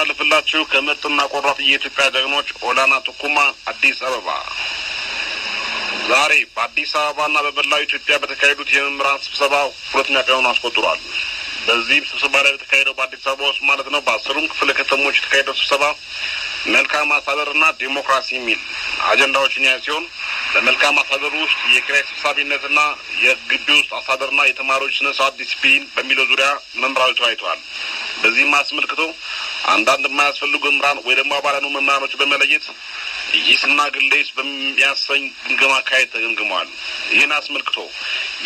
የምናስተላልፍላችሁ ከምርጥና ቆራጥ የኢትዮጵያ ጀግኖች ኦላና ቱኩማ አዲስ አበባ። ዛሬ በአዲስ አበባና በመላው ኢትዮጵያ በተካሄዱት የመምህራን ስብሰባ ሁለተኛ ቀኑን አስቆጥሯል። በዚህም ስብሰባ ላይ በተካሄደው በአዲስ አበባ ውስጥ ማለት ነው በአስሩም ክፍለ ከተሞች የተካሄደው ስብሰባ መልካም አስተዳደርና ዴሞክራሲ የሚል አጀንዳዎችን ያ ሲሆን በመልካም አስተዳደሩ ውስጥ የኪራይ ሰብሳቢነትና የግቢ ውስጥ አስተዳደርና የተማሪዎች ስነ ስርዓት ዲስፕሊን በሚለው ዙሪያ መምህራኑ ተወያይተዋል። በዚህም አስመልክቶ አንዳንድ የማያስፈልጉ መምህራን ወይ ደግሞ አባላኑ መምህራኖች በመለየት ይስና ግሌስ በሚያሰኝ ግምገማ አካሄድ ተገምግመዋል። ይህን አስመልክቶ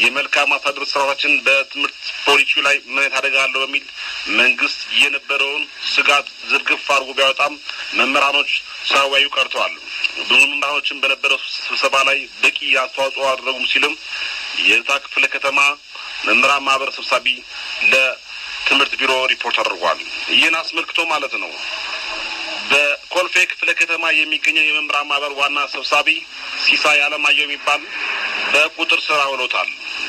የመልካም አስተዳደር ስራዎችን በትምህርት ፖሊሲ ላይ ምን አይነት አደጋ አለው በሚል መንግስት የነበረውን ስጋት ዝርግፍ አድርጎ ቢያወጣም መምህራኖች ሳያወያዩ ቀርተዋል። ብዙ ምሁራኖችን በነበረው ስብሰባ ላይ በቂ አስተዋጽኦ አደረጉም ሲልም የዛ ክፍለ ከተማ መምህራን ማህበር ሰብሳቢ ለትምህርት ቢሮ ሪፖርት አድርጓል። ይህን አስመልክቶ ማለት ነው በኮልፌ ክፍለ ከተማ የሚገኘው የመምህራን ማህበር ዋና ሰብሳቢ ሲሳይ አለማየሁ የሚባል በቁጥር ስራ ውሎታል።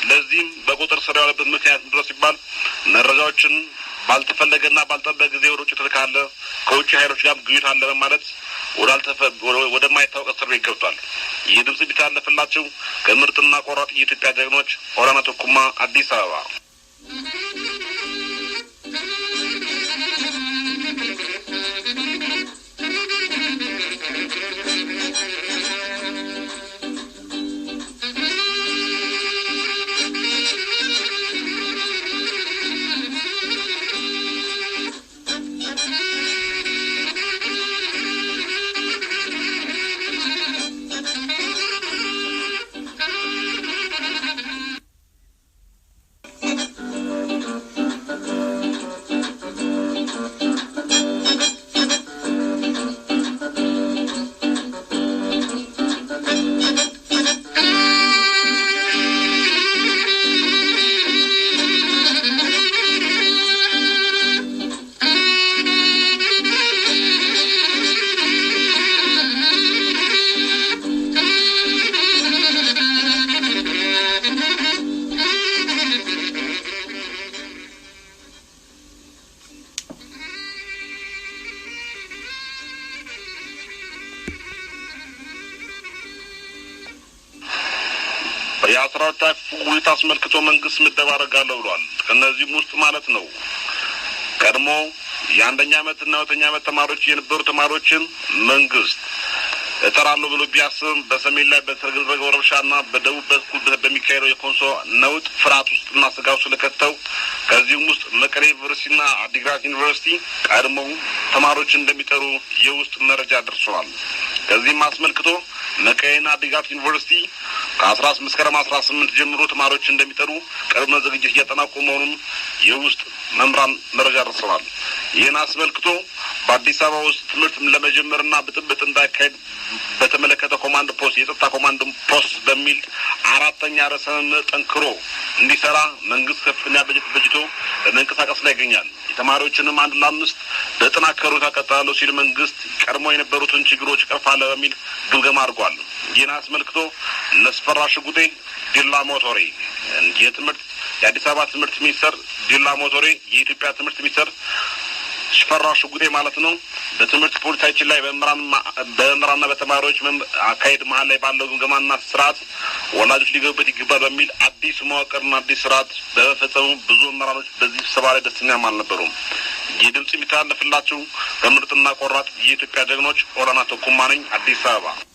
ለዚህም በቁጥር ስራ ያዋለበት ምክንያት ድረስ ሲባል መረጃዎችን ባልተፈለገና ባልጠበቀ ጊዜ ወደ ውጭ ተልካለ ከውጭ ኃይሎች ጋር ግኙታ አለ በማለት ወደማይታወቅ እስር ቤት ገብቷል። ይህ ድምጽ ቢታለፍላችሁ ከምርጥና ቆራጥ የኢትዮጵያ ጀግኖች ኦላና ቶኩማ አዲስ አበባ የአስራዎች ሁኔታ አስመልክቶ መንግስት ምደባ አደርጋለሁ ብሏል። ከእነዚህም ውስጥ ማለት ነው ቀድሞ የአንደኛ አመት እና ሁለተኛ አመት ተማሪዎች የነበሩ ተማሪዎችን መንግስት እጠራለሁ ብሎ ቢያስብም በሰሜን ላይ በተደረገው ረብሻና በደቡብ በኩል በሚካሄደው የኮንሶ ነውጥ ፍርሃት ውስጥና ስጋት ስለከተው ከዚህም ውስጥ መቀሌ ዩኒቨርሲቲ ዩኒቨርሲቲና አዲግራት ዩኒቨርሲቲ ቀድሞው ተማሪዎች እንደሚጠሩ የውስጥ መረጃ ደርሰዋል። ከዚህም አስመልክቶ መቀሌና አዲግራት ዩኒቨርሲቲ ከአስራ መስከረም አስራ ስምንት ጀምሮ ተማሪዎች እንደሚጠሩ ቅድመ ዝግጅት እያጠናቁ መሆኑን የውስጥ መምራን መረጃ ደርሰናል። ይህን አስመልክቶ በአዲስ አበባ ውስጥ ትምህርት ለመጀመርና ብጥብጥ እንዳይካሄድ በተመለከተ ኮማንድ ፖስት የጸጥታ ኮማንድ ፖስት በሚል አራተኛ ርዕሰ መምህር ጠንክሮ እንዲሰራ መንግስት ከፍተኛ በጀት በጅቶ በመንቀሳቀስ ላይ ይገኛል። ተማሪዎችንም አንድ ለአምስት በጥናከሩ እቀጥላለሁ ሲል መንግስት ቀድሞ የነበሩትን ችግሮች ቀርፋለ በሚል ግምገማ አድርጓል። ይህን አስመልክቶ እነስፈራ ሽጉጤ ዲላ ሞቶሬ የትምህርት የአዲስ አበባ ትምህርት ሚኒስተር ዲላ ሞቶሬ የኢትዮጵያ ትምህርት ሚኒስተር ሽፈራው ሽጉጤ ማለት ነው። በትምህርት ፖሊሳችን ላይ በመምህራንና በተማሪዎች አካሄድ መሀል ላይ ባለው ግምገማና ስርዓት ወላጆች ሊገቡበት ይገባል በሚል አዲስ መዋቅርና አዲስ ስርዓት በመፈጸሙ ብዙ መምህራኖች በዚህ ስብሰባ ላይ ደስተኛም አልነበሩም። ይህ ድምፅ የሚተላለፍላችሁ በምርጥና ቆራጥ የኢትዮጵያ ጀግኖች ኦላና ተኩማ ነኝ፣ አዲስ አበባ።